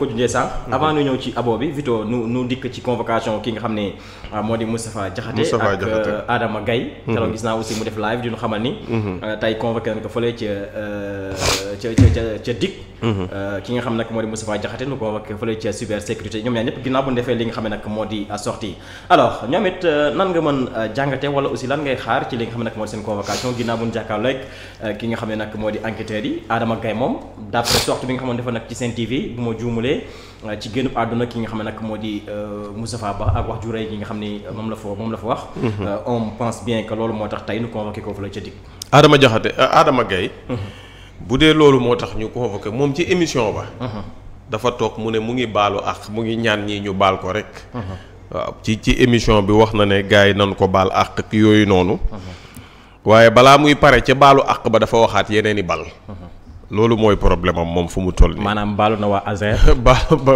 ko jujee sànq mhm. avant ñu ñëw ci abo bi Vito nu nu dikk ci convocation ki nga xam ne ah, moo di Moustapha Diakhaté ak euh, Adama Gaye mhm. keroog gis naa aussi mu def live di ñu xamal ni mhm. euh, tey convoqué nañ ko fële ca euh, ca ca ca dikk Mm-hmm. Euh, ki nga xam nag moo di Moustapha Diakhaté nu ko ak fële ci cyber sécurité ñoom ñaar ñëpp ginnaaw bu ñu li nga xam ne nag moo di sortie alors ñoom it euh, nan nga mën euh, jàngate wala aussi lan ngay xaar ci li nga xam ne nag moo di seen convocation ginnaaw bu ñu jàkkaarloo ak ki nga xam ne nag moo di enquêteurs Ba ak wax ju rëy nga xam ne moom la fa moom la fa wax mm-hmm. on pense bien que loolu moo tax tey nu convoqué ko fële ca dig Adama Diakhaté bu dee loolu moo tax ñu ko convoqué moom ci émission ba. Uh-huh. dafa toog mu ne mu ngi baalu ak mu ngi ñaan ñi ñu baal ko rek. Uh-huh. waaw ci ci émission bi wax na ne gars yi nañ ko baal ak yooyu noonu. Uh-huh. waaye balaa muy pare ca baalu ak ba dafa waxaat yeneen i bal. loolu mooy problème am moom fu mu toll nii. maanaam baalu na waa Azer. ba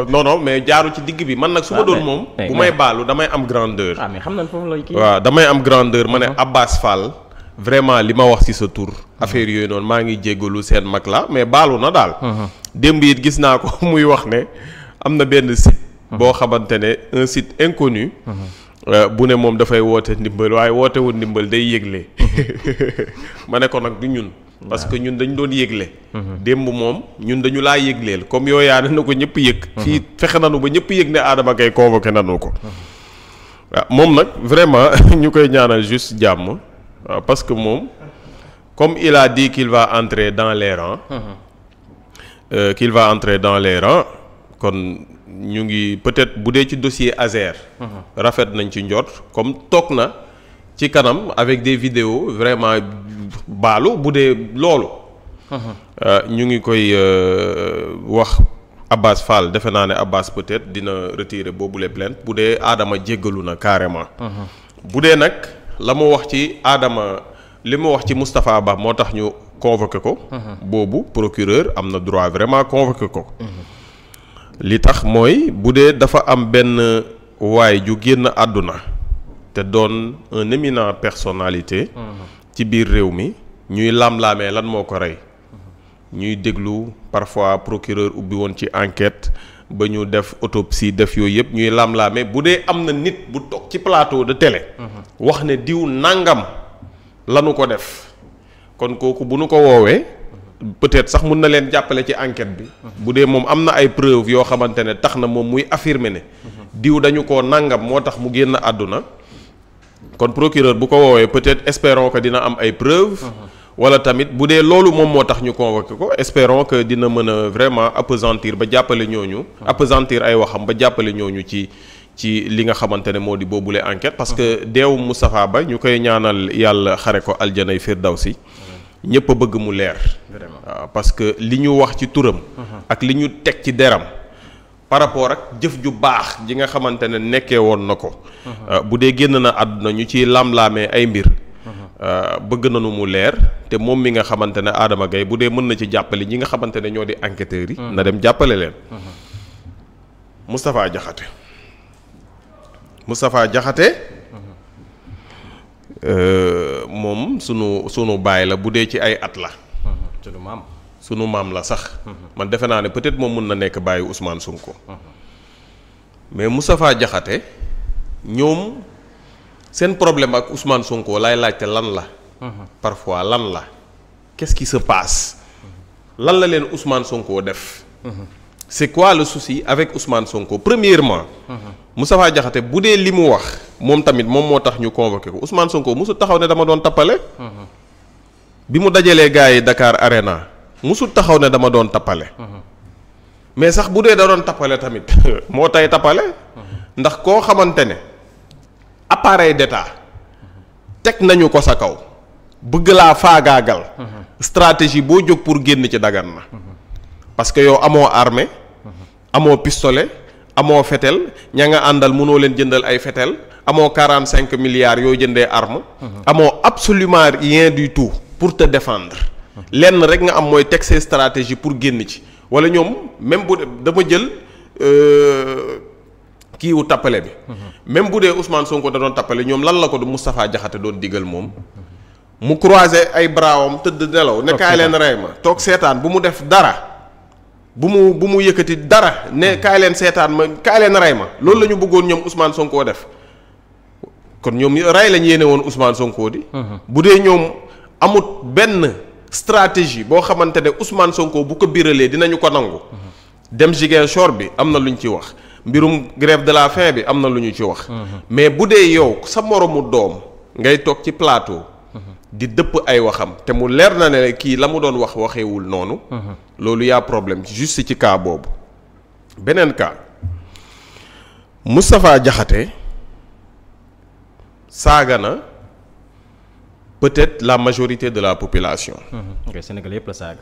non mais jaaru ci digg bi man nag su ma ah, doon moom. bu may baalu damay am grandeur. ah mais xam nañ foofu lay kii. damay am grandeur ma ne Abbas Fall. vraiment li ma wax ci sa tur affaire yooyu noonu maa ngi jéggalu seen mag la mais baalu na daal. Uh-huh. démb it gis naa ko muy wax ne am na benn site. Uh-huh. boo xamante ne un site inconnu. Uh-huh. Euh, bu ne moom dafay woote ndimbal waaye wootewu ndimbal day yëgle. ma ne ko nag du ñun. parce que ñun dañu doon yëgle. démb moom ñun dañu laa yëgleel comme yoo yaa ne na ko ñëpp yëg. fii fexe nanu ba ñëpp yëg ne Adama Gaye convoqué nanu ko. moom nag vraiment ñu koy ñaanal juste jàmm. Euh, parce que moom comme il a dit qu'il va dans les rangs uh-huh. euh, qu'il va entrer dans les rangs kon ñu ngi peut-être bu dee ci dossier Azer uh-huh. rafet nañ ci njot comme toog na ci kanam avec des vidéos vraiment baalu bu dee loolu uh-huh. euh, ñu ngi koy euh, wax Abbas Fall defe naa ne Abbas peut-être dina retirer boobu les plaintes bu dee aadama jéggalu na carrément bu dee nag la mu wax ci aadama li mu wax ci Moustapha Ba moo tax ñu convoqué ko. Mhm. boobu procureur am na droit vraiment convoqué ko. li tax mooy bu dee dafa am benn waay ju génn àdduna te doon un éminent personnalité. Mhm. ci biir réew mi ñuy laam-laamee lan moo ko rey. Mhm. ñuy déglu parfois procureur ubbi woon ci enquête. ba ñu def autopsie def yooyu yëpp ñuy lam-laame bu dee am na nit bu toog ci plateau de télé. wax ne diw nangam lanu ko def kon kooku bu nu ko woowee peut-être sax mun na leen jàppale ci enquête bi bu dee moom am na ay preuve yoo xamante ne tax na moom muy affirmer ne diw dañu ko nangam moo tax mu génn àdduna kon procureur bu ko woowee peut-être espérons que dina am ay preuve wala tamit bu dee loolu moom moo tax ñu ko convoqué ko espérons que dina mën a vraiment appesantir ba jàppale ñooñu. Ah. appesantir ay waxam ba jàppale ñooñu ci ci li nga xamante ne moo di boobule enquête. parce que ah. deewu Moustapha Ba ñu koy ñaanal yàlla xare ko aljanay firdawsi ñëpp bëgg mu leer. vraiment ah, parce que li ñu wax ci turam. Uh-huh. ak li ñu teg ci deram. par rapport ak jëf ju baax ji nga xamante ne nekkee woon na ko. Uh-huh. bu dee génn na àdduna ñu ci ciy laamee ay mbir. Euh, bëgg nañu mu leer te moom mi nga xamante ne Adama Gaye bu dee mën na ci jàppale ñi nga xamante ne ñoo di enquêteurs yi. na dem jàppale leen. Moustapha Diakhaté Moustapha Diakhaté euh, moom sunu sunu bàyyi la bu dee ci ay at la. sunu maam sunu maam la sax. man defe naa ne peut-être moom mën na nekk baayu Ousmane Sonko. mais Moustapha Diakhaté ñoom. seen problème ak Ousmane sonkoo lay laajte lan la. Mhm. parfois lan la. qu'est-ce qui se passe. Mhm. lan la leen Ousmane Sonko def. Mhm. c'est quoi le souci avec Ousmane Sonko premièrement. Moustapha Diakhaté bu dee li mu wax. moom tamit moom moo tax ñu convoqué ko Ousmane Sonko musu taxaw ne dama doon tappale. bi mu dajalee gars yi Dakar Arena musul taxaw ne dama doon tappale. mais sax bu dee da doon tappale tamit moo tay tappale. ndax koo xamante ne. appareil d'État teg nañu ko sa kaw bëgg laa faagaagal stratégie boo jóg pour génn ci dagan na parce que yow amoo armée amoo pistolet amoo fetel ña nga àndal mënoo leen jëndal ay fetel amoo quarante cinq milliards yoo jëndee arme amoo absolument rien du tout pour te défendre lenn rek nga am mooy teg ses stratégie pour génn ci wala ñoom même bu dama jël euh, kiiwu tappale bi même bu dee Ousmane Sonko da doon tappale ñoom lan la ko du Moustapha jaxate doon digal moom mu croisé ay brawam tëdd nelaw ne kaay leen rey ma toog seetaan bu mu def dara bu mu bu mu yëkkati dara ne hmm. kaay leen seetaan ma kaay leen rey ma loolu la ñu bëggoon ñoom Ousmane Sonko def kon ñoom rey lañ yéene woon Ousmane Sonko di hmm. bu dee ñoom amut benn stratégie boo xamante ne Ousmane Sonko bu ko biralee dinañu ko nangu hmm. dem Ziguinchor bi am na luñ ci wax mbirum grève de la faim bi am na lu ñu ci wax. Mhm. mais bu dee yow sa moroomu doom ngay toog ci plateau. Mhm. di dëpp ay waxam te mu leer na ne kii la mu doon wax waxeewul noonu. Mhm. loolu yaa problème juste ci kaa boobu. beneen cas Moustapha Diakhaté saaga na peut-être la majorité de la population. ok yëpp la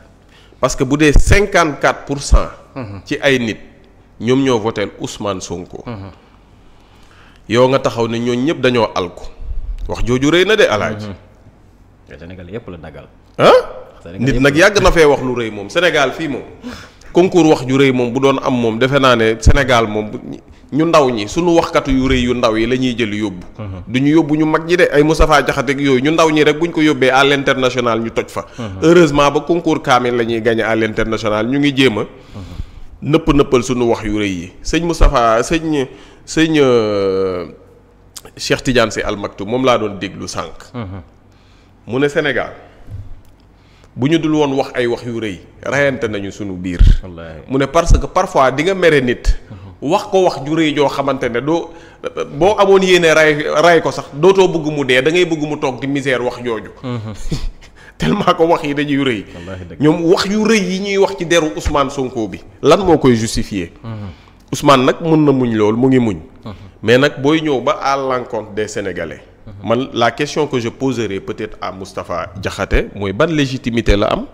parce que bu dee cinquante quatre pour cent. ci ay nit. ñoom ñoo voteel Ousmane Sonko. yow nga taxaw ne ñooñ ñëpp dañoo alku wax jooju rëy na de alaaj mhm. Sénégal la dagal. ah nit nag yàgg na fee wax lu rëy moom Sénégal fii moom. concours wax ju rëy moom bu doon am moom defe naa ne Sénégal moom ñu ndaw ñi suñu waxkatu yu rëy yu ndaw yi la ñuy jël yóbbu. Mhm. du ñu yóbbu ñu mag ñi de ay Moustapha Diakhaté ak yooyu ñu ndaw ñi rek bu ñu ko yóbbee à l'international ñu toj fa. Mhm. heureusement ba concours kaamil la ñuy gagné à l'international ñu ngi jéem nëpp nëppal suñu wax yu rëy yi sëñ Moustapha sëñ sëñ euh, Cheikh tijan si Al moom laa doon déglu sànq. Mhm. mu ne Sénégal bu ñu dul woon wax ay wax yu rëy rayante nañu suñu biir. mu ne parce que parfois di nga mere nit. Mhm. wax ko wax ju rëy joo xamante ne doo boo amoon yéene ray ray ko sax dootoo bëgg mu dee da ngay bëgg mu toog di misère wax jooju. Mhm. tellement ko wax yi dañuy rëy. ñoom wax yu rëy yi ñuy wax ci deru Ousmane Sonko bi. lan moo koy justifier. Mhm. Ousmane nag mën na muñ loolu mu ngi muñ. Mhm. mais nag booy ñëw ba à l'encontre des Sénégalais. Mhm. man la question que je poserai peut-être à Moustapha Diakhaté mooy ban légitimité la am.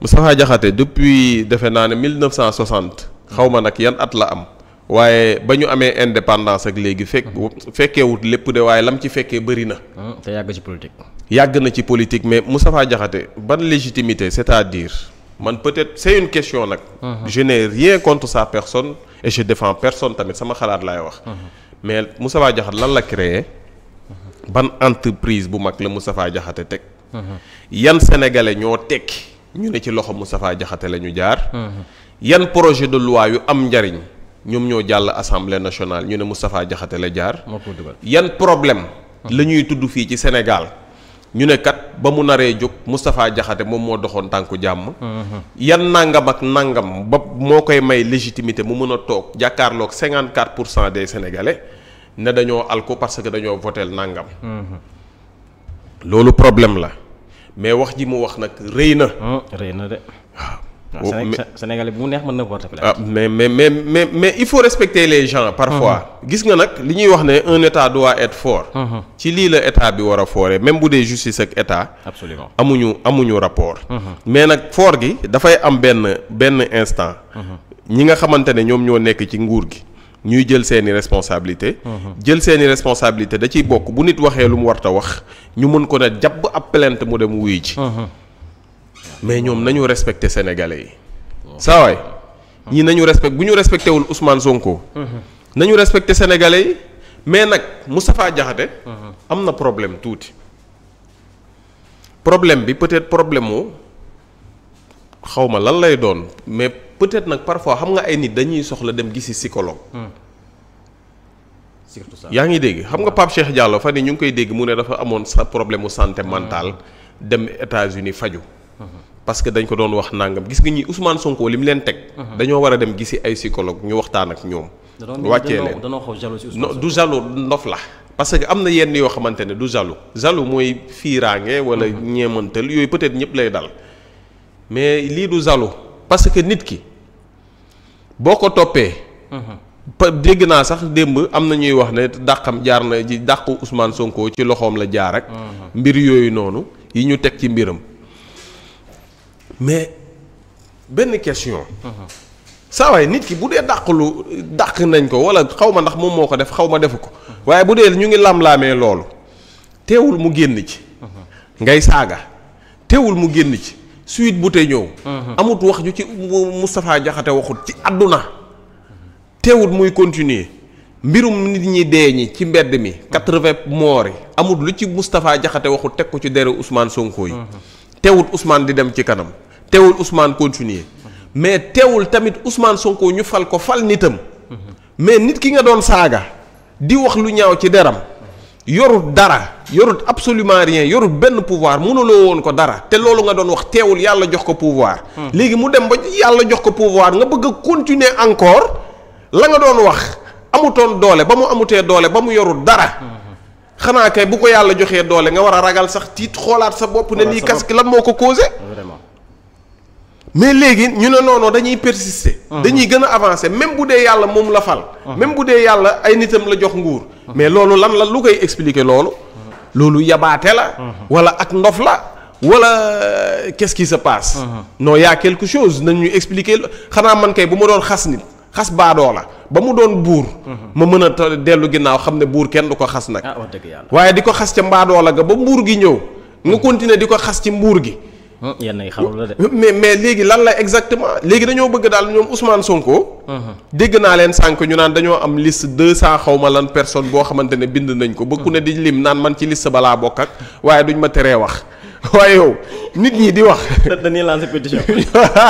Moustapha jaxate depuis defe naa ne 1960. xaw ma nag yan at la am. waaye ba ñu amee indépendance ak léegi. fekk fekkeewut lépp de waaye lam ci fekkee bëri na. Ah, te yàgg ci politique. yàgg na ci politique mais Moustapha jaxate ban légitimité c'est-à-dire man peut-être c'est une question nag. Mhm. je n'ai rien contre sa personne et je défends personne tamit sama xalaat laay wax. Mhm. mais Moustapha Diakhaté lan la créé. Mhm. ban entreprise bu mag la Moustapha Diakhaté teg. yan sénégalais ñoo tekki ñu ne ci loxo Moustapha jaxate la ñu jaar. yan projet de loi yu am njariñ ñoom ñoo jàll assemblée nationale ñu ne Moustapha Diakhaté la jaar. yan problème la ñuy tudd fii ci Sénégal. ñu ne kat ba mu naree jóg Moustapha Diakhaté moom moo doxoon tànku jàmm. Mm-hmm. yan nangam ak nangam ba moo koy may légitimité mu mën a toog jàkkaarlook jàkkaarloog 54 pour cent des sénégalais ne dañoo alko parce que dañoo voteel nangam. Mm-hmm. loolu problème la mais wax ji mu wax nag rëy na. Mm, rëy na de Sénégalais bu neex mën na porter plainte ah, mais mais mais mais mais il faut respecter les gens parfois mhm. gis nga nag li ñuy wax ne un état doit être fort mhm. ci lii la état bi war a foore même bu dee justice ak état absolument amuñu amuñu rapport mhm. mais nag foor gi dafay am benn benn instant ñi nga xamante ne ñoom ñoo nekk ci nguur gi ñuy jël seeni responsabilité jël seeni responsabilité da ciy bokk bu nit waxee lu mu warta wax ñu mën ko ne jàpp ab plainte mu dem wuy ji mais ñoom nañu respecté sénégalais yi. saa ñii nañu respect bu ñu respecté wul Ousmane Sonko. nañu respecté sénégalais yi mais nag Moustapha Diakhaté. am na problème tuuti. problème bi peut-être problème mu xaw lan lay doon mais peut-être nag parfois xam nga ay nit dañuy soxla dem gisi psychologue. surtout ça yaa ngi dégg xam nga Pape Cheikh Diallo fa ni ñu ngi koy dégg mu ne dafa amoon sa problème mu santé mentale mm. dem États-Unis faju parce que dañ ko doon wax nangam gis nga ñi Ousmane Sonko li mu leen teg. Uh-huh. dañoo war a dem gisi ay psychologue ñu waxtaan ak ñoom. wàccee leen non du jaloux ndof la. parce que am na yenn yoo xamante ne du jaloux jaloux mooy fiiraange wala uh-huh. ñeemantal yooyu peut-être ñëpp lay dal mais lii du jaloux parce que nit ki boo ko toppee. Uh-huh. dégg naa sax démb am na ñuy wax ne dàqam jaar na ji dàqu Ousmane Sonko ci loxoom la jaar ak. mbir yooyu noonu yi ñu teg ci mbiram. mais benn question. saa waay nit ki bu dee dàq lu dàq nañ ko wala xaw ma ndax moom moo ko def xaw ma defu ko. waaye bu dee ñu ngi lamlaamee loolu teewul mu génn ci. ngay saaga teewul mu génn ci suite bu te ñëw. amut wax ju ci Moustapha Diakhaté waxut ci àdduna teewul muy continuer mbirum nit ñi dee ñi ci mbedd mi. 80 moor yi amut lu ci Moustapha Diakhaté waxut teg ko ci deru Ousmane Sonko yi. teewut Ousmane di dem ci kanam. teewul Ousmane continuer mais teewul tamit Ousmane Sonko ñu fal ko fal nitam mais nit ki nga doon saaga di wax lu ñaaw ci deram yorut dara yorut absolument rien yorut benn pouvoir mënuloo woon ko dara te loolu nga doon wax teewul yàlla jox ko pouvoir. Hmm. léegi mu dem ba yàlla jox ko pouvoir nga bëgg a continuer encore la nga doon wax amutoon doole ba mu amutee doole ba mu yorut dara. Hmm. xanaa kay bu ko yàlla joxee doole nga war a ragal sax tiit xoolaat sa bopp. ne lii casque lan moo ko causé. vraiment. mais léegi ñu ne noonu dañuy persister. dañuy gën a avancer même bu dee yàlla moom la fal. même bu dee yàlla ay nitam la jox nguur. mais loolu lan la lu koy expliquer loolu. loolu yabaate la. wala ak ndof la. wala euh, qu'est-ce qui se passe. non y a quelque chose nañ ñu expliquer xanaa man kay bu ma doon xas nit. xas baadoo la ba mu doon buur. ma mën a dellu ginnaaw xam ne buur kenn du ko xas nag. Ah, waaye di ko xas ca mbaadoo la ga ba mbuur gi ñëw. nga continuer di ko xas ci mbuur gi. Ah. yenn yi xarul la de. mais léegi lan la exactement léegi dañoo bëgg daal ñoom Ousmane Sonko. Uh-huh. dégg naa leen sànq ñu naan dañoo am liste deux cent xawma lan personne boo xamante ne bind nañ ko. ba ku ne di lim naan man ci liste balaa bokk ak waaye duñ ma teree wax. waaye yow nit ñi di wax. dañuy lancer pétition.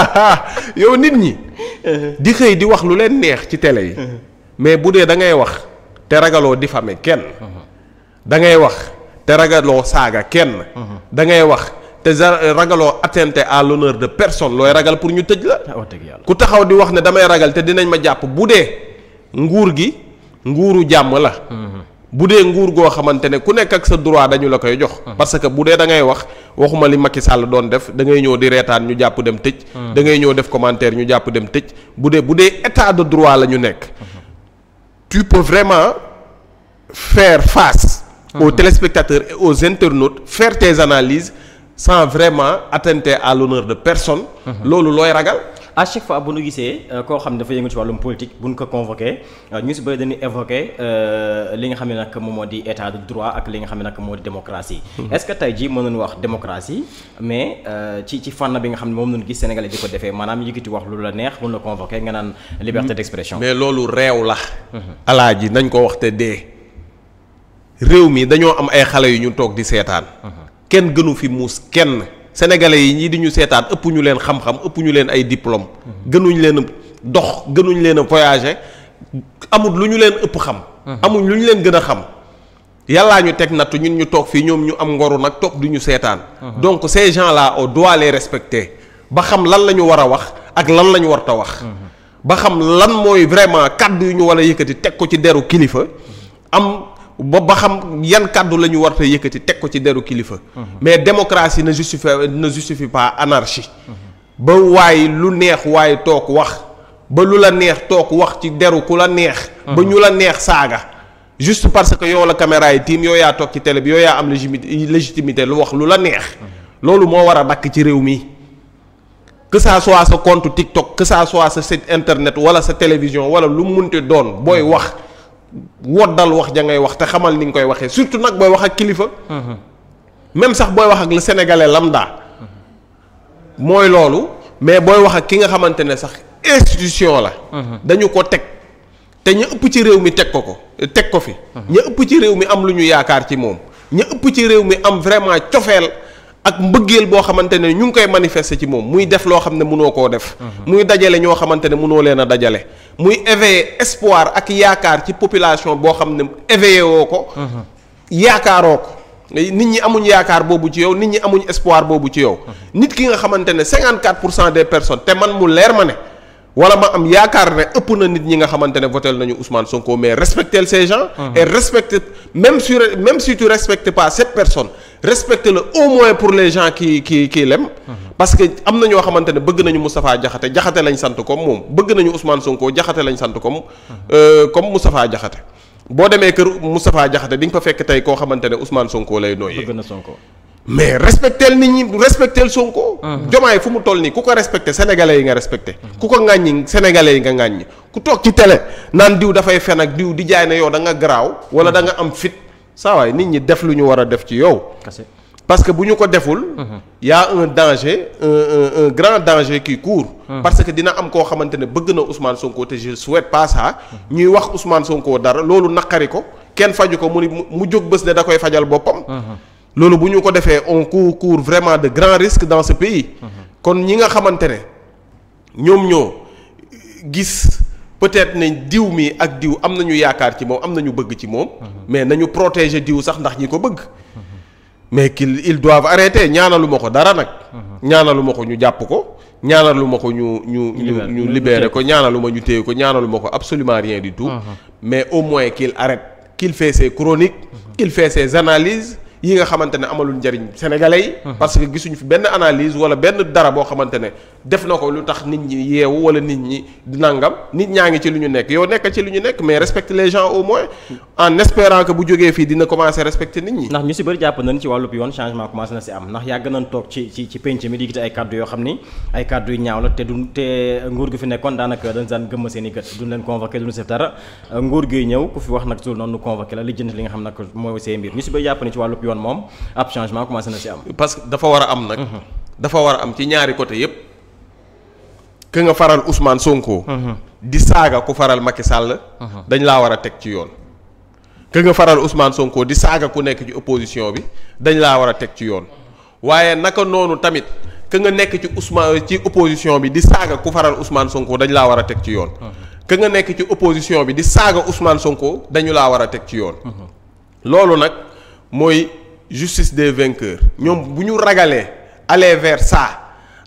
yow nit ñi. Uh-huh. di xëy di wax lu leen neex ci télé yi. Uh-huh. mais bu dee da ngay wax te ragaloo diffamer kenn. da ngay wax te ragaloo saaga kenn. da ngay wax. te ragaloo atteinte à l'honneur de personne looy ragal pour ñu tëj la. Ah, ku taxaw di wax ne damay ragal te dinañ ma jàpp bu dee nguur gi nguuru jàmm la. Mhm. bu dee nguur goo xamante ne ku nekk ak sa droit dañu la koy jox. Mhm. parce que bu dee da ngay wax waxuma li Macky Sall doon def da ngay ñëw di reetaan ñu jàpp dem tëj. Mhm. da ngay ñëw def commentaire ñu jàpp dem tëj bu dee bu dee état de droit la ñu nekk. tu peux vraiment fair face. aux téléspectateurs et aux internautes faire tes sans vraiment attenter à l'honneur de personne. Mhm. loolu looy ragal. à chaque fois bu nu gisee euh, koo xam ne dafa yëngu ci wàllum politique bu ñu ko convoqué euh, ñu si bëri dañuy évoqué euh, li nga xam ne nag moom moo di état de droit ak li nga xam ne nag moo di démocratie. Mhm. est-ce que tey ji mën nañu wax démocratie mais ci ci fànn bi nga xam ne moom la ñu gis Sénégalais di ko defee maanaam yëkkati wax lu la neex mun la convoqué nga naan liberté mhm. d'expression. mais loolu réew la. alaaji nañ ko wax te dee. mi dañoo am ay xale yu ñu toog di seetaan. kenn gënu fi muus kenn sénégalais yi ñii di ñu seetaan ëpp ñu leen xam-xam ëpp ñu leen ay diplôme mhm. gënuñ leen dox gënuñ leen a voyager amut lu ñu leen ëpp xam mhm. amuñ lu ñu leen gën a xam yàllaa ñu teg nattu ñu ñu toog fii ñoom ñu am ngoru nag toog du ñu seetaan mhm. donc ces gens là on doit les respecter ba xam lan la ñu war a wax ak lan la ñu warta wax ba xam lan mooy vraiment kàddu yu ñu war a yëkkati teg ko ci deru kilifa am ba ba xam yan kàddu lañuy ñu war a yëkkati teg ko ci deru kilifa. Mhm. mais démocratie ne justifie ne justifie pas anarchie. Mhm. ba waaye lu neex waaye toog wax ba lu la neex toog wax ci deru ku la neex. ba mhm. ñu la neex saaga. juste parce que yow la caméra yi tiim yow yaa toog ci télé bi yow yaa am légitimité lu wax lu la neex. loolu moo war a dakk ci réew mi. que ça soit sa compte TikTok que ça soit sa site internet wala sa télévision wala lu munte doon booy wax. woddal wax ja ngay wax te xamal ni nga koy waxee surtout nag booy wax ak kilifa. Mhm. même sax booy wax ak le lam lambda. Mhm. mooy loolu mais booy wax ak ki nga xamante ne sax institution la. Mhm. dañu ko teg te ñu ëpp ci réew mi teg ko ko teg ko fi. ñu ëpp ci réew mi am lu ñu yaakaar ci moom. ñu ëpp ci réew mi am vraiment cofeel ak mbëggeel boo xamante ne ñu ngi koy manifester ci moom muy def loo xam ne munoo koo def. Mhm. muy dajale ñoo xamante ne mënoo leen a dajale. muy éveiller espoir ak yaakaar ci population boo xam ne éveillé woo ko. Mhm. yaakaaroo ko. nit ñi amuñ yaakaar boobu ci yow nit ñi amuñ espoir boobu ci yow. Mhm. nit ki nga xamante ne 54 pour cent des personnes te man mu leer ma ne. wala ma am yaakaar ne ëpp na nit ñi nga xamante ne votel nañu Ousmane Sonko mais respecter ces gens. et respecter même sur même si tu respectes pas cette respectez la au moins pour les gens ki qui lem l'aiment parce am na ñoo xamante ne bëgg nañu Moustapha jaxate Diakhaté lañ sant comme moom bëgg nañu Ousmane Sonko jaxate lañ sant comme euh, comme Moustapha Diakhaté boo demee kër Moustapha Diakhaté di nga fa fekk tey koo xamante ne Ousmane Sonko lay nooyee. bëgg na Sonko. mais respecteel nit ñi respecteel Sonko. jomaay fu mu toll nii ku ko respecté sénégalais yi nga respecté. ku ko ŋàññi sénégalais yi nga ŋàññi ku toog ci télé naan diw dafay fen ak diw di jaay ne yow da nga garaaw. wala da nga am fit. saa nit ñi def lu ñu war a def ci yow. parce que bu ñu ko deful. Mhm. y un danger un un grand danger qui court. Mhm. parce que dina am koo xamante ne bëgg na Ousmane Sonko te je souhaite pas ça. Mhm. ñuy wax Ousmane Sonko dara loolu naqari ko kenn faju ko mu ni mu jóg bés ne da koy fajal boppam. loolu bu ñu ko defee on court vraiment de grands risques dans ce pays. kon ñi nga xamante ne ñoom ñoo gis. peut-être ne diw mi ak diw am na ñu yaakaar ci moom am na ñu bëgg ci moom. Mhm. mais nañu protéger diw sax ndax ñi ko bëgg. Mhm. mais qu'ils ils doivent arrêter ñaanalu ma ko dara nag. Mhm. ñaanalu ma ko ñu jàpp ko ñaanalu ma ko ñu ñu ñu ñu ko ñaanalu ma ñu téye ko ñaanalu ma ko absolument rien du tout. mais au moins qu'il arrête qu'il fait ses chroniques. qu'il fait ses analyses. yi nga xamante ne amalul njariñ sénégalais yi. parce que gisuñu fi benn analyse wala benn dara boo xamante ne def na ko lu tax nit ñi yeewu wala nit ñi nangam nit ñaa ngi ci lu ñu nekk yow nekkal ci lu ñu nekk mais respecte les gens au moins en espérant que bu nit ñi. ndax ñu jàpp nañ yoon changement commencé na si am ndax yàgg nañ toog ci ci ni ay kàddu yu ñaaw la fi nekkoon daanaka dañ daan gëmm seen i gët duñ leen mooy seen mbir ñu si bëri jàpp ni ci wàllub yoon moom ab changement commencé mhm. dafa war a am ci ñaari côté yëpp. nga faral Ousmane Sonko. Mhm. di saaga ku faral Macky Sall. Mhm. dañ laa war a teg ci yoon. que nga faral Ousmane Sonko di saaga ku nekk ci opposition bi dañ laa war a teg ci yoon waaye naka noonu tamit que nga nekk ci Ousmane ci opposition bi di saaga ku faral Ousmane Sonko dañ laa war a teg ci yoon. nga nekk ci opposition bi di saaga Ousmane Sonko dañu laa war a teg ci yoon. loolu nag mooy. justice des vainqueurs ñoom bu ñu ragalee aller vers ça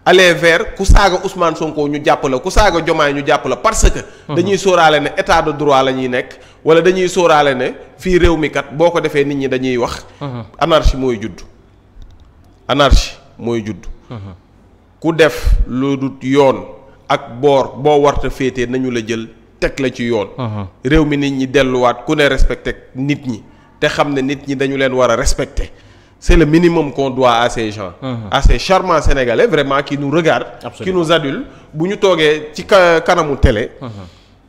aller vers ku saaga Ousmane Sonko ñu jàpp la ku saaga Jomaay ñu jàpp la parce que. Mhm. dañuy sóoraale ne état de droit la ñuy nekk wala dañuy sooraale ne fii réew mi kat boo ko defee nit ñi dañuy wax. Mhm. anarchie mooy juddu anarchie mooy juddu mhm. ku def lu dut yoon ak boor boo warta féetee nañu la jël teg la ci yoon. réew mi nit ñi delluwaat ku ne respecte nit ñi. te xam ne nit ñi dañu leen war a respecter c'est le minimum qu'on doit à ces gens mmh. à ces charmants sénégalais vraiment qui nous regardent Absolument. qui nous bu ñu toogee ci kanamu télé mmh.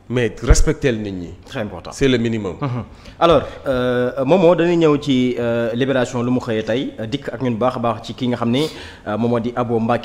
mais respecter nit ñi. très important c'est le minimum. Uh-huh. alors euh, Momo dañuy ñëw ci euh, libération lu mu xëyee tey dikk ak ñun baax baax ci ki nga xam ni euh, moom moo di Abo Mbacké